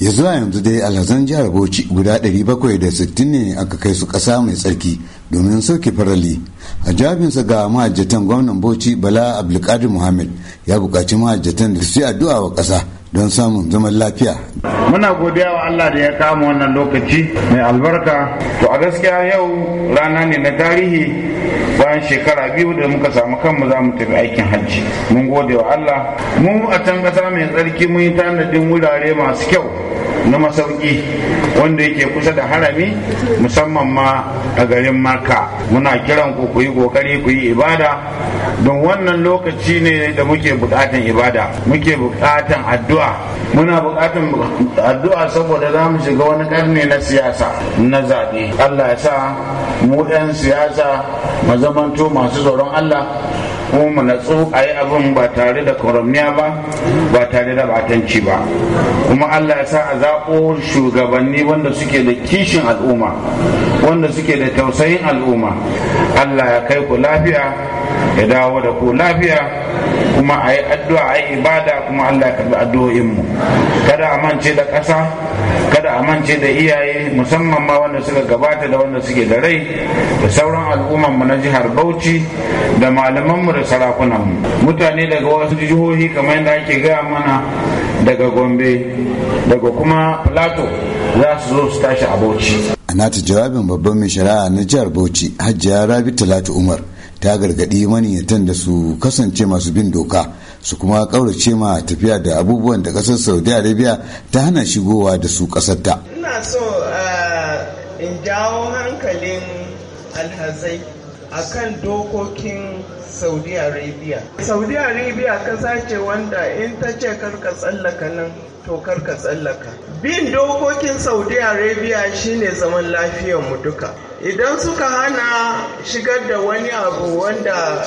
ya zuwa yanzu dai alhazan jihar bauchi guda 760 ne aka kai su ƙasa mai tsarki domin soke farali a jawabinsa ga mahajjatan gwamnan bauchi bala abdulkadir muhammad ya bukaci mahajjatan da su yi addu'a wa ƙasa don samun zaman lafiya. Muna godiya wa Allah da ya kama wannan lokaci mai albarka. To a gaskiya yau rana ne na tarihi bayan shekara biyu da muka samu kanmu za mu tafi aikin hajji. Mun gode wa Allah. Mu a can ƙasa mai tsarki mun yi tanadin wurare masu kyau. na masauki wanda yake kusa da harami musamman ma a garin maka muna kiran ku ku yi kokari ku yi ibada don wannan lokaci ne da muke bukatan ibada muke bukatan addu'a muna bukatan addu'a saboda za mu shiga wani karni na siyasa na zaɓe allah ya sa mu 'yan siyasa mazamanto masu tsoron allah kuma mu natsu a yi abin ba tare da koromiya ba ba tare da batanci ba kuma allah ya sa a zaɓo shugabanni wanda suke da kishin al'umma wanda suke da tausayin al'umma allah ya kai ku lafiya ya dawo da ku lafiya kuma a yi addu'a a yi ibada kuma allah ya karɓi mu kada a mance da ƙasa kada a mance da iyaye musamman ma wanda suka gabata da wanda suke da rai da sauran mu na jihar bauchi da malaman mu. da sarakunan mutane daga wasu jihohi kamar yadda ake gaya mana daga gombe daga kuma plato za su zo su tashi a bauchi a nata jawabin babban mai shari'a na jihar bauchi hajjiya rabi talatu umar ta gargaɗi maniyyatan da su kasance masu bin doka su kuma ƙaurace ma tafiya da abubuwan da ƙasar saudi arabia ta hana shigowa da su ƙasar ta ina so ah, in jawo hankalin alhazai akan dokokin saudi arabia saudi arabia kasa ce wanda in ta ce karka tsallaka nan to karka tsallaka bin dokokin saudi arabia shine zaman lafiyar mu duka idan suka hana shigar da wani abu wanda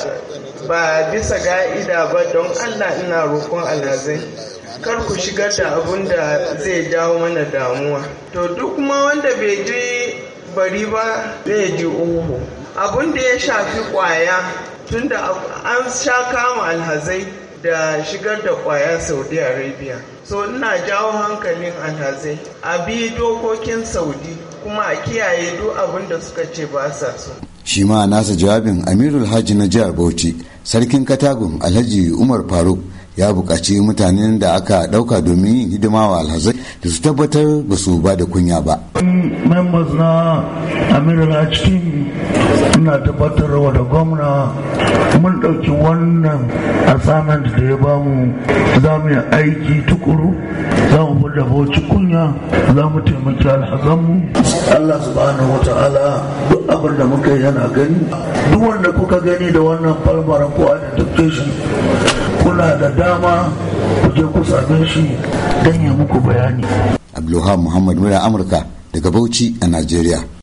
ba bisa ga'ida ba don allah ina roƙon alhazai kar ku shigar da abun da zai jawo mana damuwa to duk ma wanda bai ji bari ba zai ji uhu abun da ya shafi kwaya tunda an sha kama alhazai da shigar da kwaya saudi arabia so ina jawo hankalin alhazai a bi dokokin saudi kuma a kiyaye duk abin da suka ce ba sa so shi ma nasa jawabin amirul hajji na jihar bauchi sarkin katagun alhaji umar faruk ya buƙaci mutanen da aka ɗauka domin yin hidima wa alhazai da su tabbatar ba su ba da kunya ba. members na amiral cikin ina tabbatarwa da gwamna mun ɗauki wannan assignment da ya bamu za mu yi aiki tukuru za mu da bauchi kunya za mu taimaki alhazanmu allah subhanahu wa ta'ala duk abin da muka yana gani duk wanda kuka gani da wannan falmara ko identification kuna da dama ku je ku same shi don ya muku bayani abdulhamu muhammad mura amurka daga bauchi a najeriya